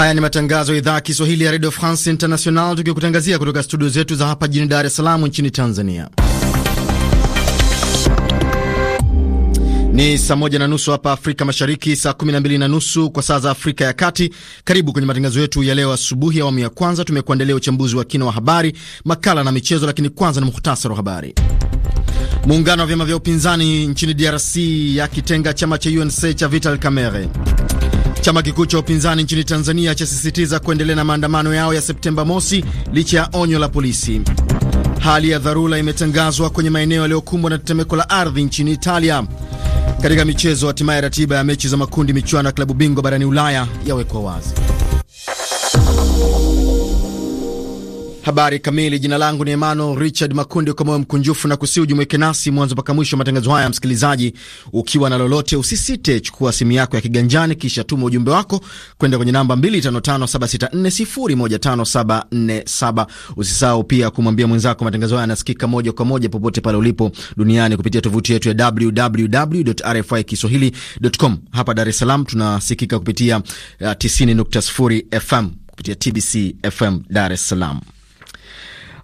Haya ni matangazo ya idhaa ya Kiswahili ya Radio France International, tukikutangazia kutoka studio zetu za hapa jijini Dar es Salaam nchini Tanzania. Ni saa moja na nusu hapa Afrika Mashariki, saa kumi na mbili na nusu kwa saa za Afrika ya Kati. Karibu kwenye matangazo yetu ya leo asubuhi. Awamu ya kwanza tumekuandalia uchambuzi wa kina wa habari, makala na michezo, lakini kwanza ni muhtasari wa habari. Muungano wa vyama vya upinzani nchini DRC yakitenga chama cha UNC cha Vital Kamerhe. Chama kikuu cha upinzani nchini Tanzania chasisitiza kuendelea na maandamano yao ya Septemba mosi licha ya onyo la polisi. Hali ya dharura imetangazwa kwenye maeneo yaliyokumbwa na tetemeko la ardhi nchini Italia. Katika michezo, hatimaye ratiba ya mechi za makundi michuano ya klabu bingwa barani Ulaya yawekwa wazi. Habari kamili. Jina langu ni Emmanuel Richard Makundi, kwa moyo mkunjufu na kusihi ujumuike nasi mwanzo mpaka mwisho matangazo haya. Msikilizaji, ukiwa na lolote, usisite chukua simu yako ya kiganjani, kisha tuma ujumbe wako kwenda kwenye namba 255764015747. Usisahau pia kumwambia mwenzako matangazo haya yanasikika moja kwa moja popote pale ulipo duniani kupitia tovuti yetu ya www.rfikiswahili.com. Hapa Dar es Salaam tunasikika kupitia 90.0 eh, FM kupitia TBC FM Dar es Salaam.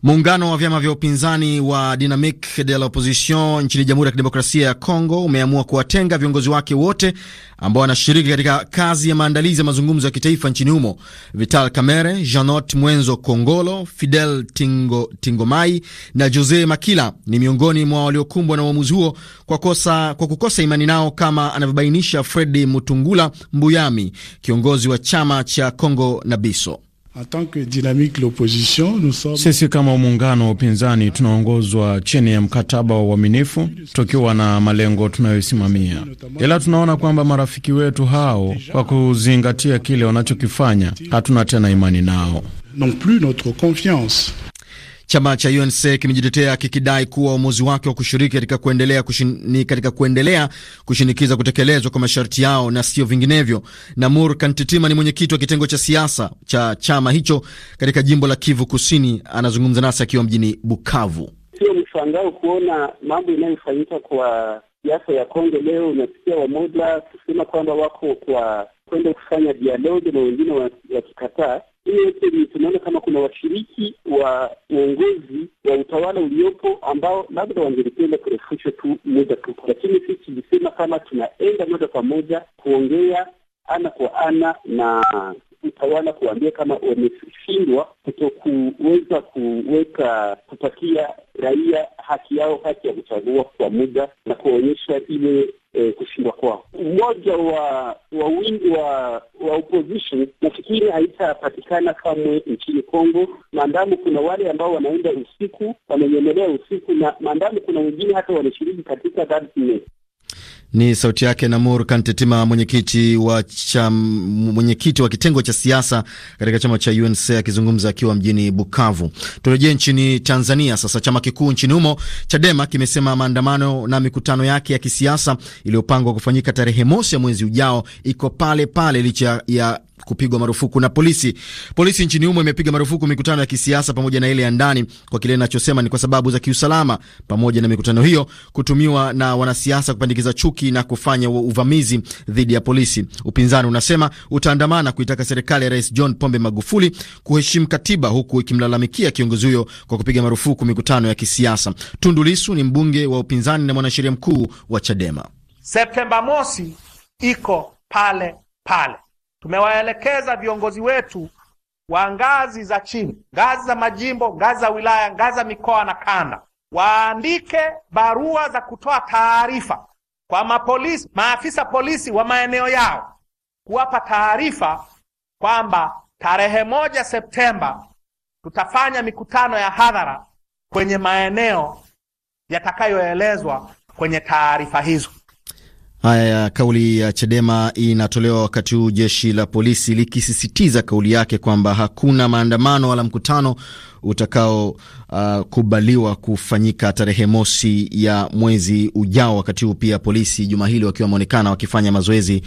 Muungano wa vyama vya upinzani wa Dynamique de l'Opposition nchini Jamhuri ya Kidemokrasia ya Kongo umeamua kuwatenga viongozi wake wote ambao wanashiriki katika kazi ya maandalizi ya mazungumzo ya kitaifa nchini humo: Vital Kamerhe, Janot Mwenzo Kongolo, Fidel Tingo, Tingomai na Jose Makila ni miongoni mwa waliokumbwa na uamuzi huo kwa, kosa, kwa kukosa imani nao, kama anavyobainisha Fredi Mutungula Mbuyami, kiongozi wa chama cha Kongo na Biso. Sisi kama muungano wa upinzani tunaongozwa chini ya mkataba wa uaminifu, tukiwa na malengo tunayosimamia, ila tunaona kwamba marafiki wetu hao, kwa kuzingatia kile wanachokifanya, hatuna tena imani nao non plus notre confiance Chama cha UNC kimejitetea kikidai kuwa uamuzi wake wa kushiriki katika kuendelea, kushini, katika kuendelea kushinikiza kutekelezwa kwa masharti yao na sio vinginevyo. Namur Kantitima ni mwenyekiti wa kitengo cha siasa cha chama hicho katika jimbo la Kivu Kusini, anazungumza nasi akiwa mjini Bukavu. Sio mshangao kuona mambo inayofanyika kwa siasa ya Kongo leo. Unasikia wamoja kusema kwamba wako kwa kwenda kufanya dialogi na wengine wakikataa. Hiyo yote tunaona kama kuna washiriki wa uongozi wa utawala uliopo ambao labda wangelipenda kurefushwa tu muda tupu, lakini sisi tulisema kama tunaenda moja kwa moja kuongea ana kwa ana na utawala kuambia kama wameshindwa kuto kuweza kuweka kupatia raia haki yao, haki ya kuchagua kwa muda na kuonyesha ile eh, kushindwa kwao. Umoja wa wa wingi wa wa opposition nafikiri haitapatikana kamwe nchini Kongo, maadamu kuna wale ambao wanaenda usiku, wamenyemelea usiku, na maadamu kuna wengine hata wanashiriki katika ni sauti yake Namur Kantetima, mwenyekiti wa mwenyekiti wa kitengo cha siasa katika chama cha UNC akizungumza akiwa mjini Bukavu. Turejee nchini Tanzania sasa. Chama kikuu nchini humo Chadema kimesema maandamano na mikutano yake ya kisiasa iliyopangwa kufanyika tarehe mosi ya mwezi ujao iko pale pale licha ya kupigwa marufuku na polisi. Polisi nchini humo imepiga marufuku mikutano ya kisiasa pamoja na ile ya ndani kwa kile inachosema ni kwa sababu za kiusalama, pamoja na mikutano hiyo kutumiwa na wanasiasa kupandikiza chuki na kufanya uvamizi dhidi ya polisi. Upinzani unasema utaandamana kuitaka serikali ya Rais John Pombe Magufuli kuheshimu katiba, huku ikimlalamikia kiongozi huyo kwa kupiga marufuku mikutano ya kisiasa. Tundu Lissu ni mbunge wa upinzani na mwanasheria mkuu wa Chadema. Septemba mosi iko pale pale tumewaelekeza viongozi wetu wa ngazi za chini, ngazi za majimbo, ngazi za wilaya, ngazi za mikoa na kanda, waandike barua za kutoa taarifa kwa mapolisi, maafisa polisi wa maeneo yao, kuwapa taarifa kwamba tarehe moja Septemba tutafanya mikutano ya hadhara kwenye maeneo yatakayoelezwa kwenye taarifa hizo. Haya, kauli ya Chadema inatolewa wakati huu jeshi la polisi likisisitiza kauli yake kwamba hakuna maandamano wala mkutano utakaokubaliwa uh, kufanyika tarehe mosi ya mwezi ujao. Wakati huu pia polisi juma hili wakiwa wameonekana wakifanya mazoezi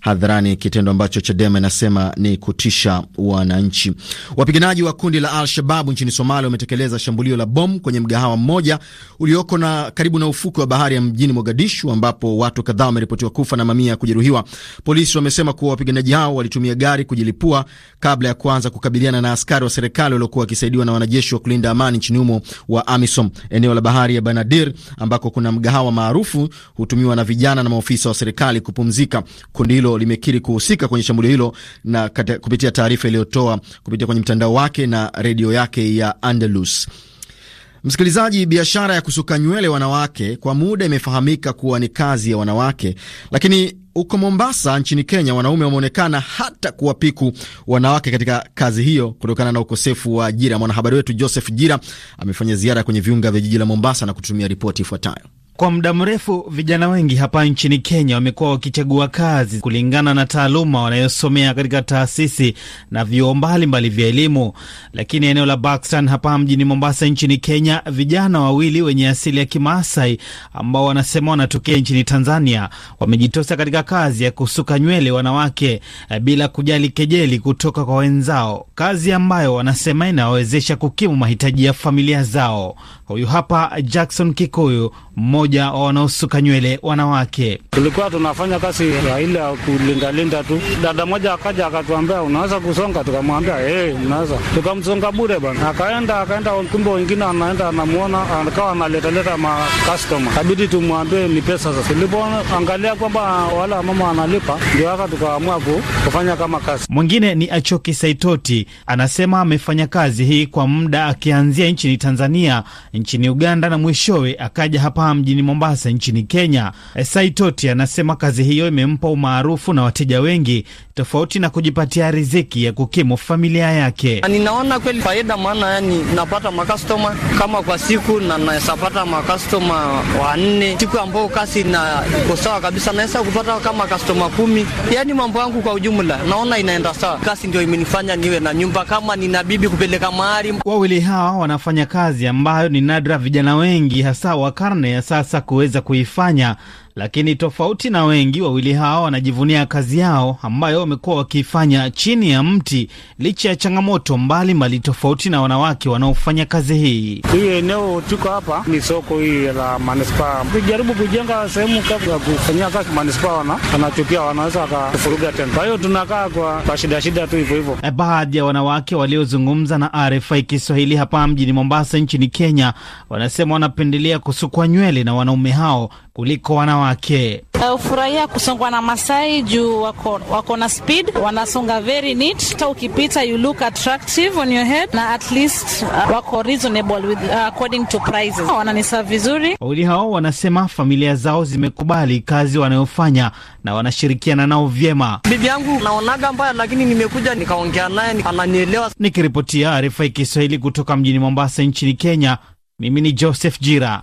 hadharani, kitendo ambacho Chadema inasema ni kutisha wananchi. Wapiganaji wa kundi la Al-Shababu nchini Somalia wametekeleza shambulio la bomu kwenye mgahawa mmoja ulioko na karibu na ufuko wa bahari ya mjini Mogadishu, ambapo watu kadhaa wameripotiwa kufa na mamia ya kujeruhiwa. Polisi wamesema kuwa wapiganaji hao walitumia gari kujilipua kabla ya kuanza kukabiliana na askari wa serikali waliokuwa wakisaidiwa na wanajeshi wa kulinda amani nchini humo wa AMISOM eneo la bahari ya Banadir ambako kuna mgahawa maarufu hutumiwa na vijana na maofisa wa serikali kupumzika. Kundi hilo limekiri kuhusika kwenye shambulio hilo na kupitia taarifa iliyotoa kupitia kwenye mtandao wake na redio yake ya Andalus. Msikilizaji, biashara ya kusuka nywele wanawake kwa muda imefahamika kuwa ni kazi ya wanawake, lakini huko Mombasa nchini Kenya, wanaume wameonekana hata kuwapiku wanawake katika kazi hiyo kutokana na ukosefu wa ajira. Mwanahabari wetu Joseph Jira amefanya ziara kwenye viunga vya jiji la Mombasa na kutumia ripoti ifuatayo. Kwa muda mrefu vijana wengi hapa nchini Kenya wamekuwa wakichagua kazi kulingana na taaluma wanayosomea katika taasisi na vyuo mbalimbali vya elimu, lakini eneo la Buxton hapa mjini Mombasa nchini Kenya, vijana wawili wenye asili ya Kimaasai ambao wanasema wanatokea nchini Tanzania wamejitosa katika kazi ya kusuka nywele wanawake eh, bila kujali kejeli kutoka kwa wenzao, kazi ambayo wanasema inawawezesha kukimu mahitaji ya familia zao. Huyu hapa Jackson Kikuyu, mmoja wa wanaosuka nywele wanawake. Tulikuwa tunafanya kazi ya ile ya kulindalinda tu, dada moja akaja akatuambia unaweza kusonga, tukamwambia hey, eh, unaweza, tukamsonga bure bana, akaenda akaenda, kumbe wengine anaenda anamwona, akawa analetaleta makastoma, kabidi tumwambie ni pesa. Sasa tulipoangalia kwamba wala mama analipa, ndio haka tukaamua kufanya kama kazi. Mwingine ni Achoki Saitoti, anasema amefanya kazi hii kwa muda akianzia nchini Tanzania nchini Uganda na mwishowe akaja hapa mjini Mombasa nchini Kenya. Eh, Saitoti anasema kazi hiyo imempa umaarufu na wateja wengi, tofauti na kujipatia riziki ya kukimu familia yake. Ninaona kweli faida, maana yani napata makastoma kama kwa siku na naweza pata makastoma wanne siku ambao kazi na iko sawa kabisa, naweza kupata kama kastoma kumi. Yani mambo yangu kwa ujumla naona inaenda sawa. Kazi ndio imenifanya niwe na nyumba, kama nina bibi kupeleka mahari. Wawili hawa wanafanya kazi ambayo ni nadra vijana wengi hasa wa karne ya sasa kuweza kuifanya lakini tofauti na wengi, wawili hao wanajivunia kazi yao ambayo wamekuwa wakiifanya chini ya mti licha ya changamoto mbalimbali mbali, tofauti na wanawake wanaofanya kazi hii. Hii eneo tuko hapa ni soko hii la manispaa, tujaribu kujenga sehemu kabla ya kufanyia kazi manispaa, wanatupia wanaweza wakafuruga tena, kwa hiyo tunakaa kwa shida shida tu hivyo hivyo. E, baadhi ya wanawake waliozungumza na RFI Kiswahili hapa mjini Mombasa nchini Kenya wanasema wanapendelea kusukwa nywele na wanaume hao kuliko wanawake. Eh, Ufurahia kusongwa na Masai juu wako, wako na speed, wanasonga very neat. Hata ukipita you look attractive on your head na at least uh, wako reasonable with, uh, according to prices. Oh, wananisa vizuri. Wawili hao wanasema familia zao zimekubali kazi wanayofanya na wanashirikiana nao vyema. Bibi yangu naonaga mbaya, lakini nimekuja nikaongea naye ananielewa. Nikiripotia RFI Kiswahili kutoka mjini Mombasa nchini Kenya, mimi ni Joseph Jira.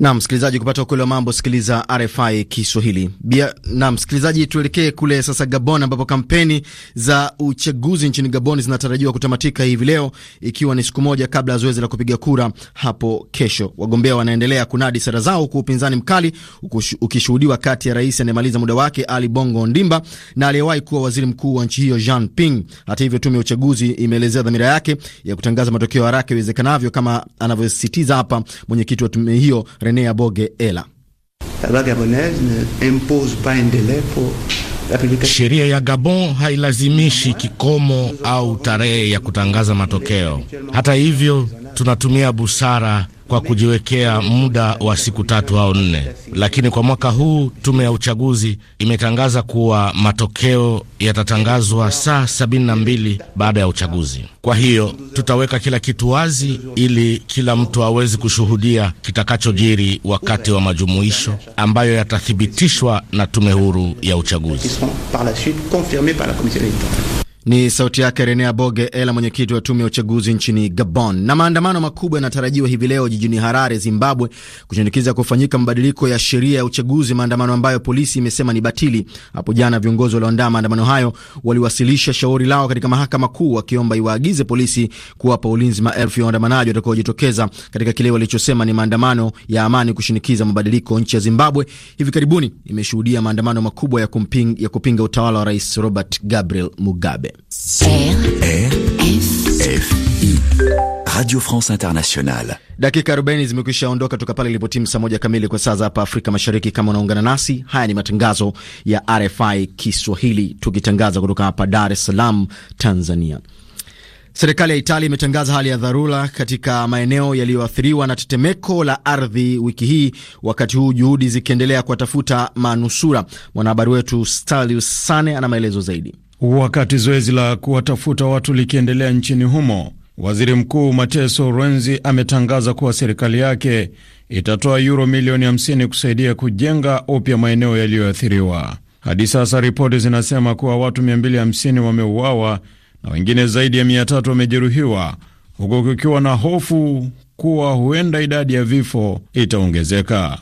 Na msikilizaji, kupata ukweli wa mambo, sikiliza RFI Kiswahili. Bia, Na msikilizaji, tuelekee kule sasa Gabon, ambapo kampeni za uchaguzi nchini Gabon zinatarajiwa kutamatika hivi leo, ikiwa ni siku moja kabla ya zoezi la kupiga kura hapo kesho. Wagombea wanaendelea kunadi sera zao, kwa upinzani mkali ukishuhudiwa kati ya rais anayemaliza muda wake Ali Bongo Ondimba na aliyewahi kuwa waziri mkuu wa nchi hiyo Jean Ping. Hata hivyo, tume ya uchaguzi imeelezea dhamira yake ya kutangaza matokeo haraka iwezekanavyo, kama anavyosisitiza hapa mwenyekiti wa tume hiyo Rene Aboge Ela. Sheria ya Gabon hailazimishi kikomo au tarehe ya kutangaza matokeo. Hata hivyo, tunatumia busara kwa kujiwekea muda wa siku tatu au nne, lakini kwa mwaka huu tume ya uchaguzi imetangaza kuwa matokeo yatatangazwa saa sabini na mbili baada ya uchaguzi. Kwa hiyo tutaweka kila kitu wazi ili kila mtu aweze kushuhudia kitakachojiri wakati wa majumuisho ambayo yatathibitishwa na tume huru ya uchaguzi. Ni sauti yake Rene Aboge Ela, mwenyekiti wa tume ya uchaguzi nchini Gabon. Na maandamano makubwa yanatarajiwa hivi leo jijini Harare, Zimbabwe, kushinikiza kufanyika mabadiliko ya sheria ya uchaguzi, maandamano ambayo polisi imesema ni batili. Hapo jana viongozi walioandaa maandamano hayo waliwasilisha shauri lao katika mahakama kuu, wakiomba iwaagize polisi kuwapa ulinzi maelfu ya waandamanaji watakaojitokeza katika kile walichosema ni maandamano ya amani kushinikiza mabadiliko. Nchi ya Zimbabwe hivi karibuni imeshuhudia maandamano makubwa ya, kumping, ya kupinga utawala wa Rais Robert Gabriel Mugabe. Radio France Internationale. Dakika 40 zimekwisha ondoka toka pale ilipotimu saa moja kamili kwa saa za hapa Afrika Mashariki. Kama unaungana nasi, haya ni matangazo ya RFI Kiswahili tukitangaza kutoka hapa Dar es Salaam, Tanzania. Serikali ya Italia imetangaza hali ya dharura katika maeneo yaliyoathiriwa na tetemeko la ardhi wiki hii, wakati huu juhudi zikiendelea kuwatafuta manusura. Mwanahabari wetu Stalius Sane ana maelezo zaidi. Wakati zoezi la kuwatafuta watu likiendelea nchini humo, waziri mkuu Mateso Renzi ametangaza kuwa serikali yake itatoa yuro milioni 50 kusaidia kujenga upya maeneo yaliyoathiriwa. Hadi sasa ripoti zinasema kuwa watu 250 wameuawa na wengine zaidi ya 300 wamejeruhiwa, huku kukiwa na hofu kuwa huenda idadi ya vifo itaongezeka.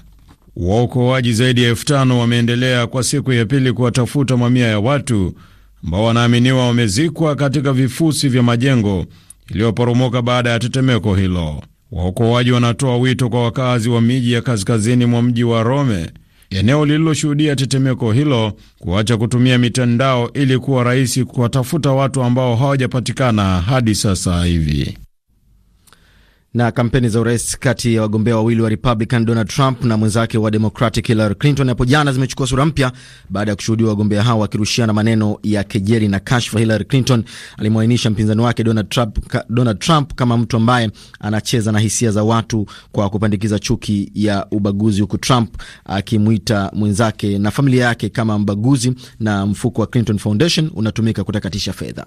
Waokoaji zaidi ya elfu tano wameendelea kwa siku ya pili kuwatafuta mamia ya watu ambao wanaaminiwa wamezikwa katika vifusi vya majengo iliyoporomoka baada ya tetemeko hilo. Waokoaji wanatoa wito kwa wakazi wa miji ya kaskazini mwa mji wa Rome, eneo lililoshuhudia tetemeko hilo, kuacha kutumia mitandao ili kuwa rahisi kuwatafuta watu ambao hawajapatikana hadi sasa hivi. Na kampeni za urais kati ya wagombea wawili wa Republican Donald Trump na mwenzake wa Democratic Hillary Clinton hapo jana zimechukua sura mpya baada ya kushuhudia wagombea hao wakirushiana maneno ya kejeli na kashfa. Hillary Clinton alimwainisha mpinzani wake Donald Trump, ka, Donald Trump kama mtu ambaye anacheza na hisia za watu kwa kupandikiza chuki ya ubaguzi, huku Trump akimwita mwenzake na familia yake kama mbaguzi, na mfuko wa Clinton Foundation unatumika kutakatisha fedha.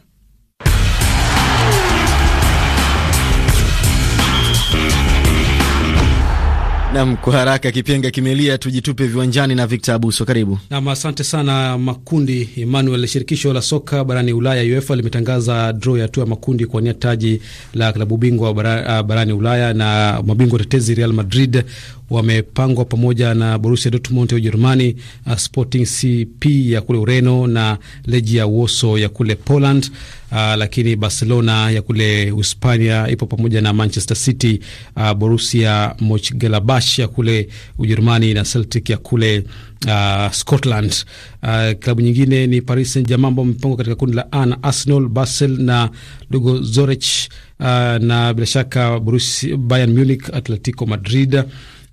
Nam, kwa haraka kipenga kimelia, tujitupe viwanjani na Victor Abuso, karibu nam. Asante sana makundi. Emmanuel, shirikisho la soka barani Ulaya UEFA limetangaza draw ya hatua ya makundi kuwania taji la klabu bingwa ah, barani Ulaya, na mabingwa tetezi Real Madrid wamepangwa pamoja na Borussia Dortmund ya Ujerumani, uh, Sporting CP ya kule Ureno na Legia Warsaw ya kule Poland. Uh, lakini Barcelona ya kule Hispania ipo pamoja na Manchester City, uh, Borussia Monchengladbach ya kule Ujerumani na Celtic ya kule uh, Scotland. Uh, klabu nyingine ni Paris Saint-Germain ambao wamepangwa katika kundi la A na Arsenal, Basel na Lugozorich, uh, na bila shaka Borussia, Bayern Munich, Atletico Madrid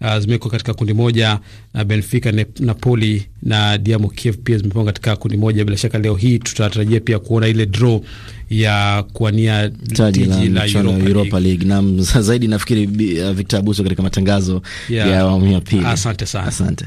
uh, ah, zimewekwa katika kundi moja na Benfica, ne, Napoli na Dinamo Kiev pia zimepangwa katika kundi moja. Bila shaka leo hii tutatarajia pia kuona ile draw ya kuwania taji la, la Europa, Europa League na zaidi nafikiri Victor Abuso katika matangazo yeah, ya awamu ya pili. Asante sana, asante.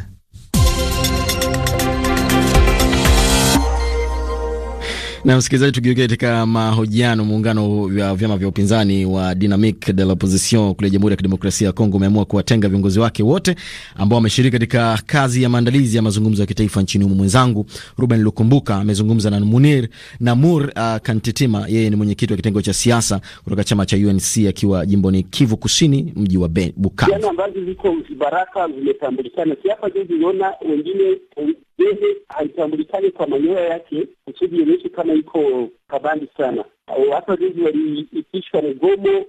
Na msikilizaji, tugeuke katika mahojiano. Muungano wa vyama vya upinzani wa Dynamic de l'Opposition kule Jamhuri ya Kidemokrasia ya Kongo umeamua kuwatenga viongozi wake wote ambao wameshiriki katika kazi ya maandalizi ya mazungumzo ya kitaifa nchini humo. Mwenzangu Ruben Lukumbuka amezungumza na Munir Namur uh, Kantitima, yeye ni mwenyekiti wa kitengo cha siasa kutoka chama cha UNC akiwa jimboni Kivu Kusini, mji wa Bukavu. Ambazo ziko baraka zimetambulikana, si hapa wengine Ndege haitambulikani kwa manyoya yake kusudi ionyeshe kama iko kabandi sana. Hata juzi waliitishwa mgomo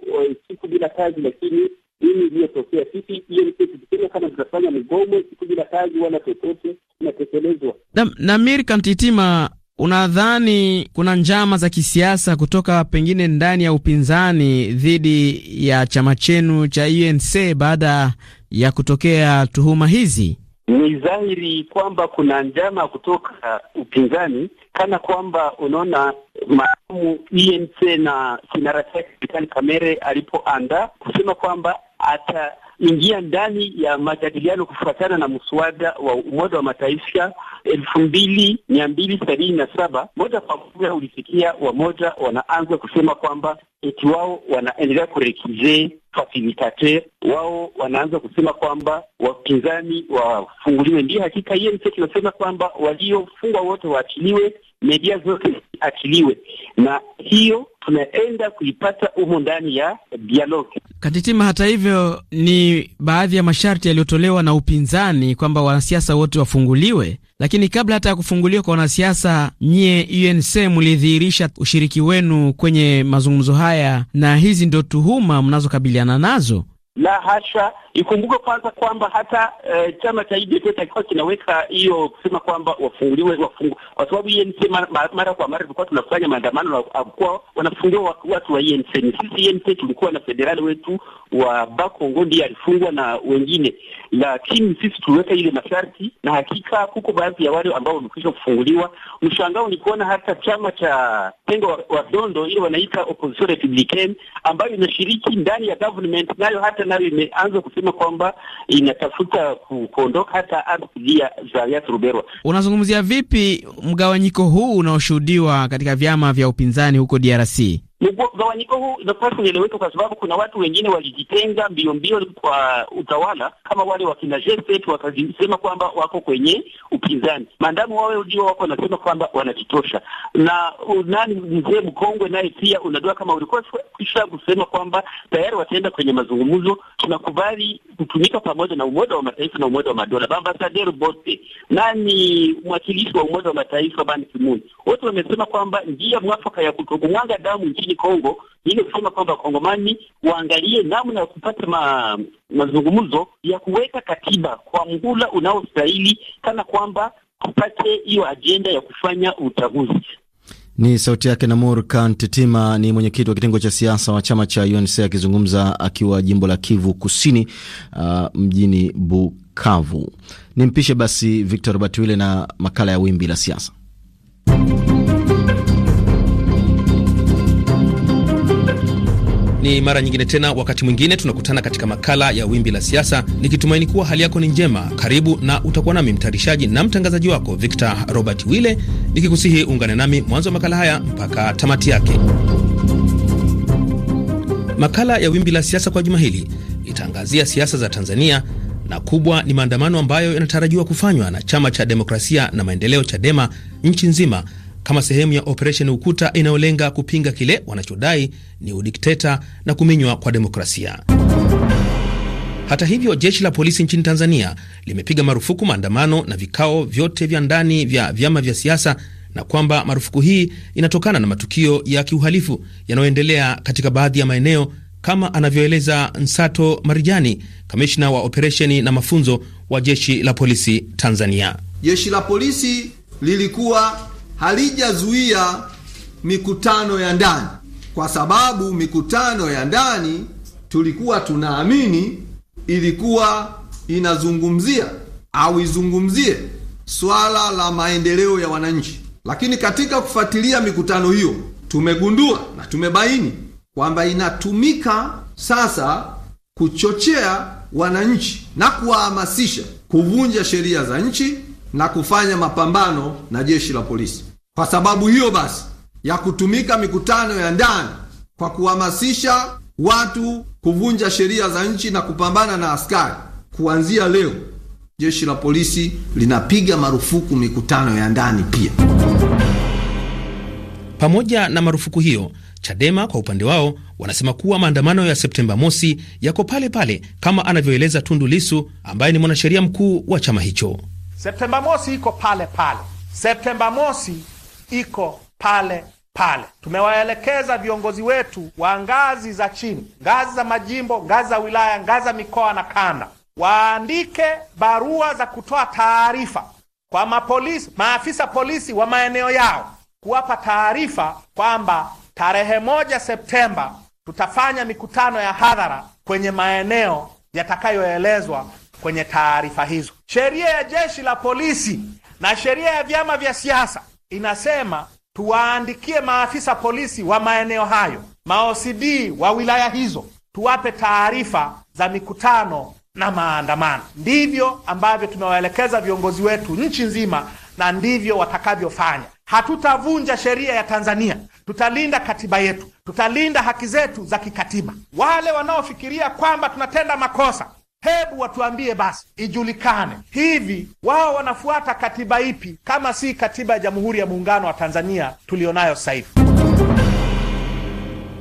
siku bila kazi, lakini nini iliyotokea? Sisi hiyo ni tukisema kama tutafanya mgomo siku bila kazi wala chochote, inatekelezwa na Namiri Kantitima. Unadhani kuna njama za kisiasa kutoka pengine ndani ya upinzani dhidi ya chama chenu cha UNC baada ya kutokea tuhuma hizi? Ni dhahiri kwamba kuna njama kutoka upinzani, kana kwamba unaona maamu ENC na kinara chake Vital Kamerhe alipoandaa kusema kwamba ata ingia ndani ya majadiliano kufuatana na mswada wa Umoja wa Mataifa elfu mbili mia mbili sabini na saba moja kwa moja ulifikia wamoja wanaanza kusema kwamba eti wao wanaendelea kurekize fasilitate wao wanaanza kusema kwamba wapinzani wafunguliwe. ndio hakika hiyo ndio tunasema kwamba waliofungwa wote waachiliwe, media zote ziachiliwe na hiyo tunaenda kuipata humo ndani ya dialogue. Katitima, hata hivyo, ni baadhi ya masharti yaliyotolewa na upinzani kwamba wanasiasa wote wafunguliwe, lakini kabla hata ya kufunguliwa kwa wanasiasa, nyie UNC mlidhihirisha ushiriki wenu kwenye mazungumzo haya, na hizi ndio tuhuma mnazokabiliana nazo. La hasha. Ikumbuke kwanza kwamba hata e, chama cha UDP e kilikuwa kinaweka hiyo kusema kwamba wafunguliwe wafungu, kwa sababu ENC mara, mara kwa mara tulikuwa tunafanya maandamano na ah, kwa wanafungiwa watu wa ENC. Ni sisi ENC tulikuwa na federali wetu wa Bakongo ndiye alifungwa na wengine, lakini sisi tuliweka ile masharti, na hakika kuko baadhi ya wale ambao wamekwisha kufunguliwa. Mshangao ni kuona hata chama cha tengo wa, wa Dondo ile wanaita opposition republicaine ambayo inashiriki ndani ya government nayo hata nayo imeanza kusema kwamba inatafuta kuondoka hata ardhi ya Yat Ruberwa. Unazungumzia vipi mgawanyiko huu unaoshuhudiwa katika vyama vya upinzani huko DRC? Mgawanyiko huu inakuwa kueleweka kwa sababu kuna watu wengine walijitenga mbio mbio kwa utawala kama wale wakina Jeset wakasema kwamba wako kwenye upinzani, maadamu wawe ndio wako wanasema kwamba wanajitosha. Na uh, nani mzee mkongwe naye pia unajua, kama ulikuwa kisha kusema kwamba tayari wataenda kwenye mazungumzo, tunakubali kutumika pamoja na Umoja wa Mataifa na Umoja wa Madola, maambasaderi bote, nani mwakilishi wa Umoja wa Mataifa Ban Ki-moon, wote wamesema kwamba njia mwafaka ya kutokumwaga damu nchini Kongo ili kusema kwamba wakongomani waangalie namna ya kupata ma, mazungumzo ya kuweka katiba kwa mhula unaostahili kana kwamba tupate hiyo ajenda ya kufanya uchaguzi. Ni sauti yake Namur Kantetima, ni mwenyekiti wa kitengo cha siasa wa chama cha UNC akizungumza akiwa jimbo la Kivu Kusini, uh, mjini Bukavu. Ni mpishe basi Victor Batwile na makala ya Wimbi la Siasa. Ni mara nyingine tena, wakati mwingine tunakutana katika makala ya Wimbi la Siasa, nikitumaini kuwa hali yako ni njema. Karibu na utakuwa nami mtayarishaji na mtangazaji wako Victor Robert Wille, nikikusihi uungane nami mwanzo wa makala haya mpaka tamati yake. Makala ya Wimbi la Siasa kwa juma hili itaangazia siasa za Tanzania na kubwa ni maandamano ambayo yanatarajiwa kufanywa na chama cha demokrasia na maendeleo, CHADEMA, nchi nzima kama sehemu ya operesheni Ukuta inayolenga kupinga kile wanachodai ni udikteta na kuminywa kwa demokrasia. Hata hivyo, jeshi la polisi nchini Tanzania limepiga marufuku maandamano na vikao vyote vya ndani vya vyama vya siasa na kwamba marufuku hii inatokana na matukio ya kiuhalifu yanayoendelea katika baadhi ya maeneo kama anavyoeleza Nsato Marijani, kamishna wa operesheni na mafunzo wa jeshi la polisi Tanzania. Jeshi la polisi lilikuwa halijazuia mikutano ya ndani, kwa sababu mikutano ya ndani tulikuwa tunaamini ilikuwa inazungumzia au izungumzie swala la maendeleo ya wananchi, lakini katika kufuatilia mikutano hiyo tumegundua na tumebaini kwamba inatumika sasa kuchochea wananchi na kuwahamasisha kuvunja sheria za nchi na kufanya mapambano na jeshi la polisi. Kwa sababu hiyo basi ya kutumika mikutano ya ndani kwa kuhamasisha watu kuvunja sheria za nchi na kupambana na askari, kuanzia leo jeshi la polisi linapiga marufuku mikutano ya ndani pia. Pamoja na marufuku hiyo, Chadema kwa upande wao wanasema kuwa maandamano ya Septemba mosi yako pale pale, kama anavyoeleza Tundu Lisu ambaye ni mwanasheria mkuu wa chama hicho. Septemba mosi iko pale pale. Septemba mosi iko pale pale. Tumewaelekeza viongozi wetu wa ngazi za chini, ngazi za majimbo, ngazi za wilaya, ngazi za mikoa na kanda, waandike barua za kutoa taarifa kwa mapolisi, maafisa polisi wa maeneo yao, kuwapa taarifa kwamba tarehe moja Septemba tutafanya mikutano ya hadhara kwenye maeneo yatakayoelezwa kwenye taarifa hizo. Sheria ya jeshi la polisi na sheria ya vyama vya siasa inasema tuwaandikie maafisa polisi wa maeneo hayo, maOCD wa wilaya hizo, tuwape taarifa za mikutano na maandamano. Ndivyo ambavyo tumewaelekeza viongozi wetu nchi nzima, na ndivyo watakavyofanya. Hatutavunja sheria ya Tanzania, tutalinda katiba yetu, tutalinda haki zetu za kikatiba. Wale wanaofikiria kwamba tunatenda makosa Hebu watuambie basi, ijulikane hivi, wao wanafuata katiba ipi kama si katiba ya Jamhuri ya Muungano wa Tanzania tuliyonayo sasa hivi?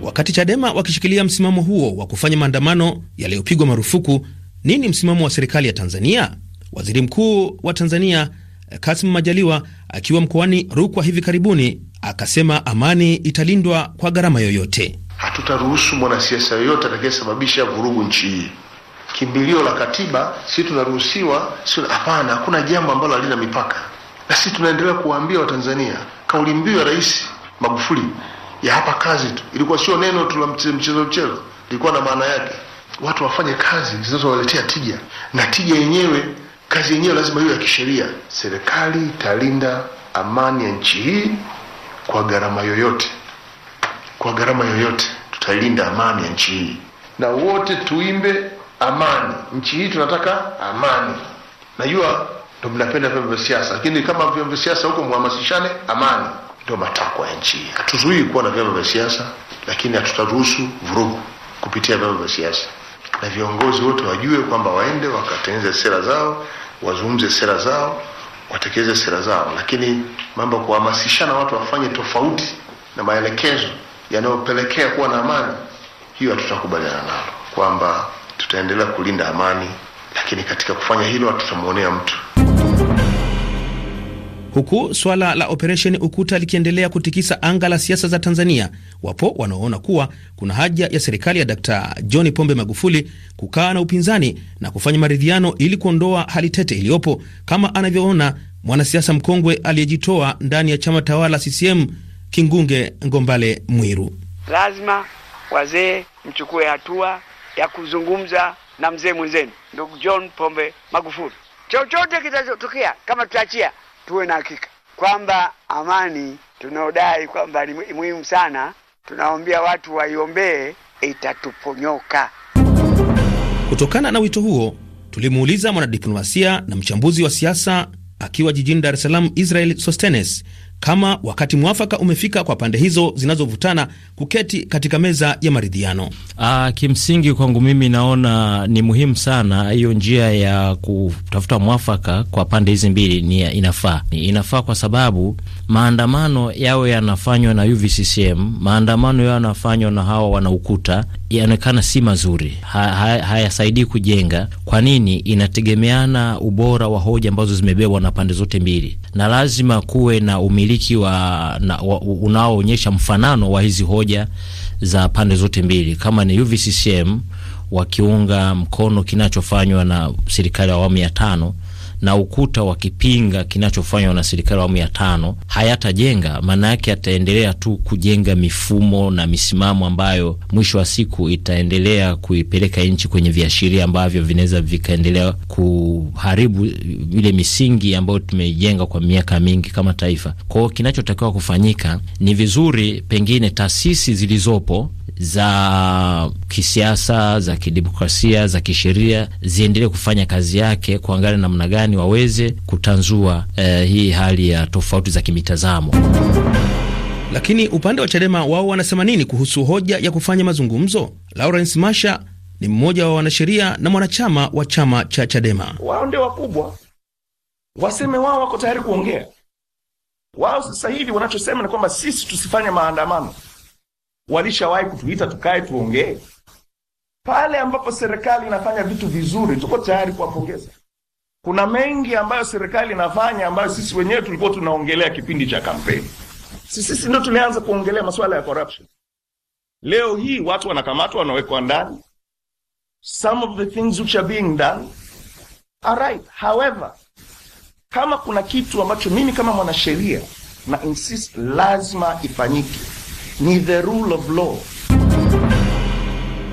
Wakati Chadema wakishikilia msimamo huo wa kufanya maandamano yaliyopigwa marufuku, nini msimamo wa serikali ya Tanzania? Waziri Mkuu wa Tanzania eh, kasimu Majaliwa akiwa mkoani Rukwa hivi karibuni akasema amani italindwa kwa gharama yoyote. Hatutaruhusu mwanasiasa yoyote atakayesababisha vurugu nchi hii kimbilio la katiba, si tunaruhusiwa? Si Hapana, hakuna jambo ambalo halina mipaka, na sisi tunaendelea kuwaambia Watanzania. Kauli mbiu ya Rais Magufuli ya hapa kazi tu ilikuwa sio neno tu la mchezo mchezo, ilikuwa na maana yake. Watu wafanye kazi zinazowaletea tija, na tija yenyewe, kazi yenyewe lazima iwe ya kisheria. Serikali italinda amani ya nchi hii kwa gharama yoyote, kwa gharama yoyote tutailinda amani ya nchi hii, na wote tuimbe amani, nchi hii tunataka amani. Najua ndo mnapenda vyombo vya siasa, lakini kama vyombo vya siasa huko mhamasishane amani, ndio matakwa ya nchi hii. Hatuzuii kuwa na vyombo vya siasa, lakini hatutaruhusu vurugu kupitia vyombo vya siasa, na viongozi wote wajue kwamba waende wakatengeneze sera zao, wazungumze sera zao, watekeleze sera zao, lakini mambo kuhamasishana watu wafanye tofauti na maelekezo yanayopelekea kuwa na amani, hiyo hatutakubaliana nalo kwamba tutaendelea kulinda amani, lakini katika kufanya hilo hatutamwonea mtu. Huku swala la operesheni Ukuta likiendelea kutikisa anga la siasa za Tanzania, wapo wanaoona kuwa kuna haja ya serikali ya Dkt John Pombe Magufuli kukaa na upinzani na kufanya maridhiano ili kuondoa hali tete iliyopo, kama anavyoona mwanasiasa mkongwe aliyejitoa ndani ya chama tawala CCM Kingunge Ngombale Mwiru. Lazima wazee mchukue hatua ya kuzungumza na mzee mwenzenu ndugu John Pombe Magufuli. Chochote kitachotokea, kama tutaachia, tuwe na hakika kwamba amani tunaodai kwamba ni muhimu sana, tunawaambia watu waiombee, itatuponyoka. Kutokana na wito huo, tulimuuliza mwanadiplomasia na mchambuzi wa siasa akiwa jijini Dar es Salaam Israel Sostenes kama wakati mwafaka umefika kwa pande hizo zinazovutana kuketi katika meza ya maridhiano. Uh, kimsingi kwangu mimi naona ni muhimu sana hiyo njia ya kutafuta mwafaka kwa pande hizi mbili, ni inafaa inafaa kwa sababu maandamano yawe yanafanywa na UVCCM, maandamano yao yanafanywa na hawa wanaukuta, yaonekana si mazuri, hayasaidii ha, kujenga. Kwa nini? Inategemeana ubora wa hoja ambazo zimebebwa na pande zote mbili, na lazima kuwe na umiliki wa, unaoonyesha mfanano wa hizi hoja za pande zote mbili, kama ni UVCCM wakiunga mkono kinachofanywa na serikali ya awamu ya tano na ukuta wa kipinga kinachofanywa na serikali awamu ya tano hayatajenga, maana yake yataendelea tu kujenga mifumo na misimamo ambayo mwisho wa siku itaendelea kuipeleka nchi kwenye viashiria ambavyo vinaweza vikaendelea kuharibu ile misingi ambayo tumeijenga kwa miaka mingi kama taifa. Kwa hiyo kinachotakiwa kufanyika ni vizuri, pengine taasisi zilizopo za kisiasa, za kidemokrasia, za kisheria ziendelee kufanya kazi yake, kuangalia namna gani waweze kutanzua eh, hii hali ya tofauti za kimitazamo. Lakini upande wa Chadema wao wanasema nini kuhusu hoja ya kufanya mazungumzo? Lawrence Masha ni mmoja wa wanasheria na mwanachama wa chama cha Chadema. Wao ndio wakubwa, waseme wao wako tayari kuongea. Wao sasa hivi wanachosema ni kwamba sisi tusifanye maandamano, Walishawahi kutuita tukae tuongee? Pale ambapo serikali inafanya vitu vizuri, tuko tayari kuwapongeza. Kuna mengi ambayo serikali inafanya ambayo sisi wenyewe tulikuwa tunaongelea kipindi cha kampeni. Sisi ndio tulianza kuongelea masuala ya corruption. Leo hii watu wanakamatwa, wanawekwa ndani. Some of the things which are being done are right. However, kama kuna kitu ambacho mimi kama mwanasheria na insist lazima ifanyike ni the rule of law.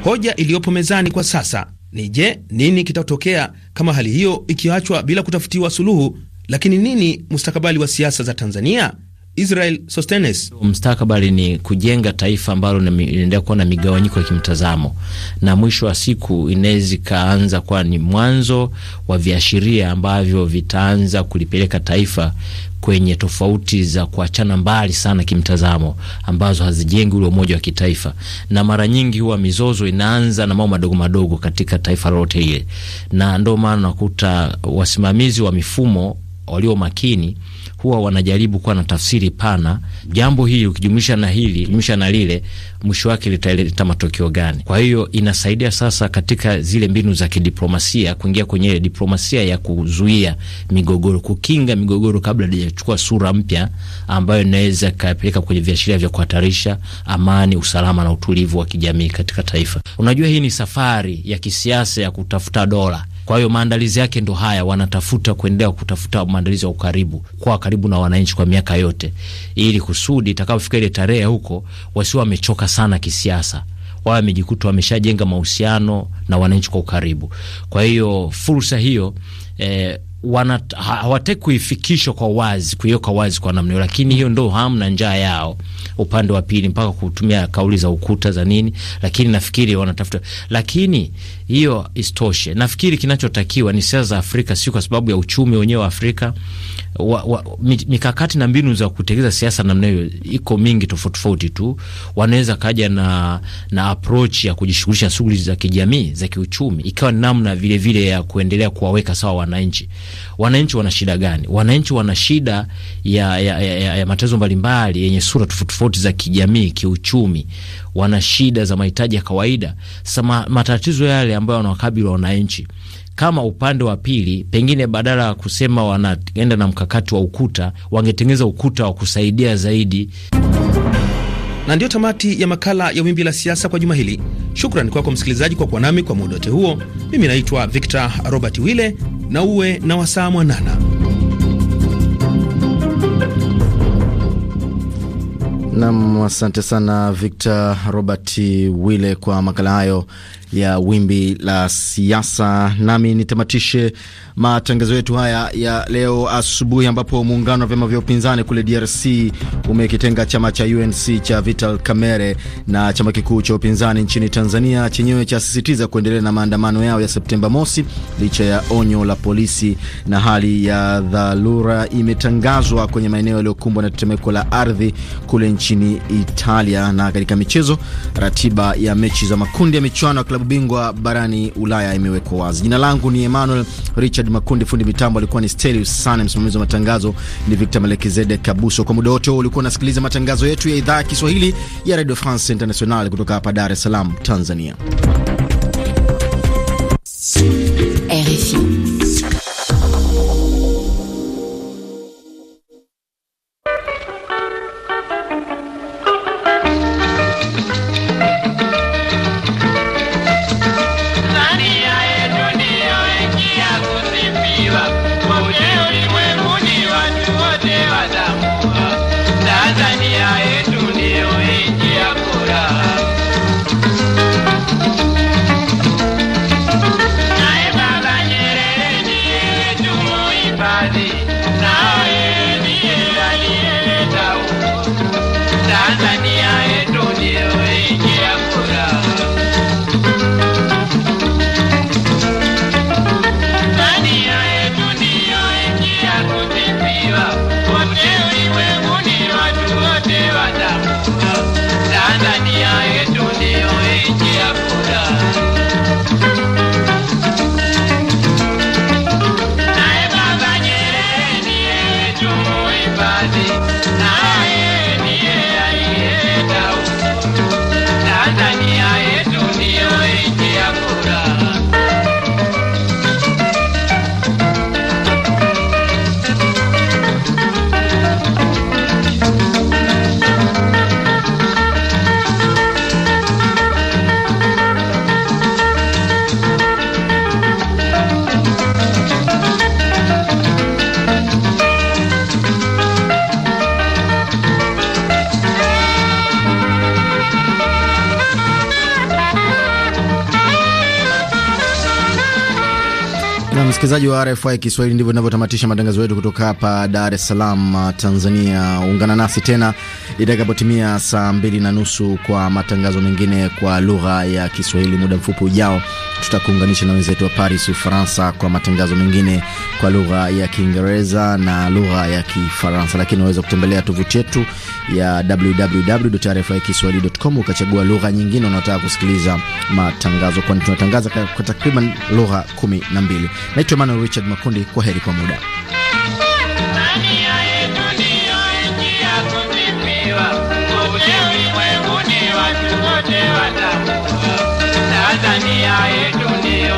Hoja iliyopo mezani kwa sasa ni je, nini kitatokea kama hali hiyo ikiachwa bila kutafutiwa suluhu? Lakini nini mustakabali wa siasa za Tanzania? Israel Sostenes, mstakabali ni kujenga taifa ambalo linaendelea kuwa na migawanyiko ya kimtazamo, na mwisho wa siku inaweza ikaanza kuwa ni mwanzo wa viashiria ambavyo vitaanza kulipeleka taifa kwenye tofauti za kuachana mbali sana kimtazamo ambazo hazijengi ule umoja wa kitaifa, na mara nyingi huwa mizozo inaanza na mambo madogo madogo katika taifa lolote ile, na ndio maana nakuta wasimamizi wa mifumo walio makini huwa wanajaribu kuwa na tafsiri pana jambo hili, ukijumlisha na hili jumlisha na lile, mwisho wake litaleta matokeo gani? Kwa hiyo inasaidia sasa katika zile mbinu za kidiplomasia kuingia kwenye diplomasia ya kuzuia migogoro, kukinga migogoro kabla haijachukua sura mpya ambayo inaweza ikapeleka kwenye viashiria vya kuhatarisha amani, usalama na utulivu wa kijamii katika taifa. Unajua, hii ni safari ya kisiasa ya kutafuta dola kwa hiyo maandalizi yake ndo haya, wanatafuta kuendelea kutafuta maandalizi ya ukaribu kwa karibu na wananchi kwa miaka yote, ili kusudi itakapofika ile tarehe huko wasiwa wamechoka sana kisiasa, wao wamejikuta wameshajenga mahusiano na wananchi kwa ukaribu. Kwa hiyo fursa hiyo eh, hawataki kuifikishwa kwa wazi, kuiweka wazi kwa namna hiyo, lakini hiyo ndo hamu na njaa yao upande wa pili, mpaka kutumia kauli za ukuta za nini, lakini nafikiri wanatafuta, lakini hiyo isitoshe. Nafikiri kinachotakiwa ni siasa za Afrika, si kwa sababu ya uchumi wenyewe wa Afrika wa, wa, mikakati na mbinu za kutekeleza siasa namna hiyo iko mingi tofauti tofauti tu. Wanaweza kaja na, na approach ya kujishughulisha shughuli za kijamii za kiuchumi, ikiwa namna vile vile ya kuendelea kuwaweka sawa wananchi. Wananchi wana shida gani? Wananchi wana shida ya, ya, ya, ya, ya matezo mbalimbali yenye sura tofauti tofauti za kijamii, kiuchumi. Wana shida za mahitaji ya kawaida. Sasa matatizo yale ambayo wanawakabili wananchi kama upande wa pili pengine badala ya kusema wanaenda na mkakati wa ukuta, wangetengeza ukuta wa kusaidia zaidi. Na ndiyo tamati ya makala ya Wimbi la Siasa kwa juma hili. Shukrani kwako msikilizaji kwa kuwa nami kwa muda wote huo. Mimi naitwa Victor Robert Wille, na uwe na wasaa mwanana. Nam, asante sana Victor Robert Wille kwa makala hayo ya wimbi la siasa. Nami nitamatishe matangazo yetu haya ya leo asubuhi, ambapo muungano wa vyama vya upinzani kule DRC umekitenga chama cha UNC cha Vital Kamerhe na chama kikuu cha upinzani nchini Tanzania chenyewe chasisitiza kuendelea na maandamano yao ya Septemba mosi licha ya onyo la polisi, na hali ya dharura imetangazwa kwenye maeneo yaliyokumbwa na tetemeko la ardhi kule nchini Italia. Na katika michezo, ratiba ya mechi za makundi ya michuano ya klabu bingwa barani Ulaya imewekwa wazi. Jina langu ni Emmanuel Richard Richard Makundi, fundi mitambo alikuwa ni Stelius Sane, msimamizi wa matangazo ni Victor Malekizede Kabuso. Kwa muda wote huo ulikuwa unasikiliza matangazo yetu ya idhaa ya Kiswahili ya Radio France international kutoka hapa Dar es Salaam, Tanzania. Msikilizaji wa RFI Kiswahili, ndivyo inavyotamatisha matangazo yetu kutoka hapa Dar es Salaam, Tanzania. Ungana nasi tena itakapotimia saa mbili na nusu kwa matangazo mengine kwa lugha ya Kiswahili. Muda mfupi ujao, tutakuunganisha na wenzetu wa Paris, Ufaransa, kwa matangazo mengine kwa lugha ya Kiingereza na lugha ya Kifaransa, lakini unaweza kutembelea tovuti yetu ya www.rfikiswahili.com ukachagua lugha nyingine unaotaka kusikiliza matangazo, kwani tunatangaza kwa takriban lugha 12. Naitwa Emmanuel Richard Makundi, kwa heri kwa muda. Tanzania yetu ndio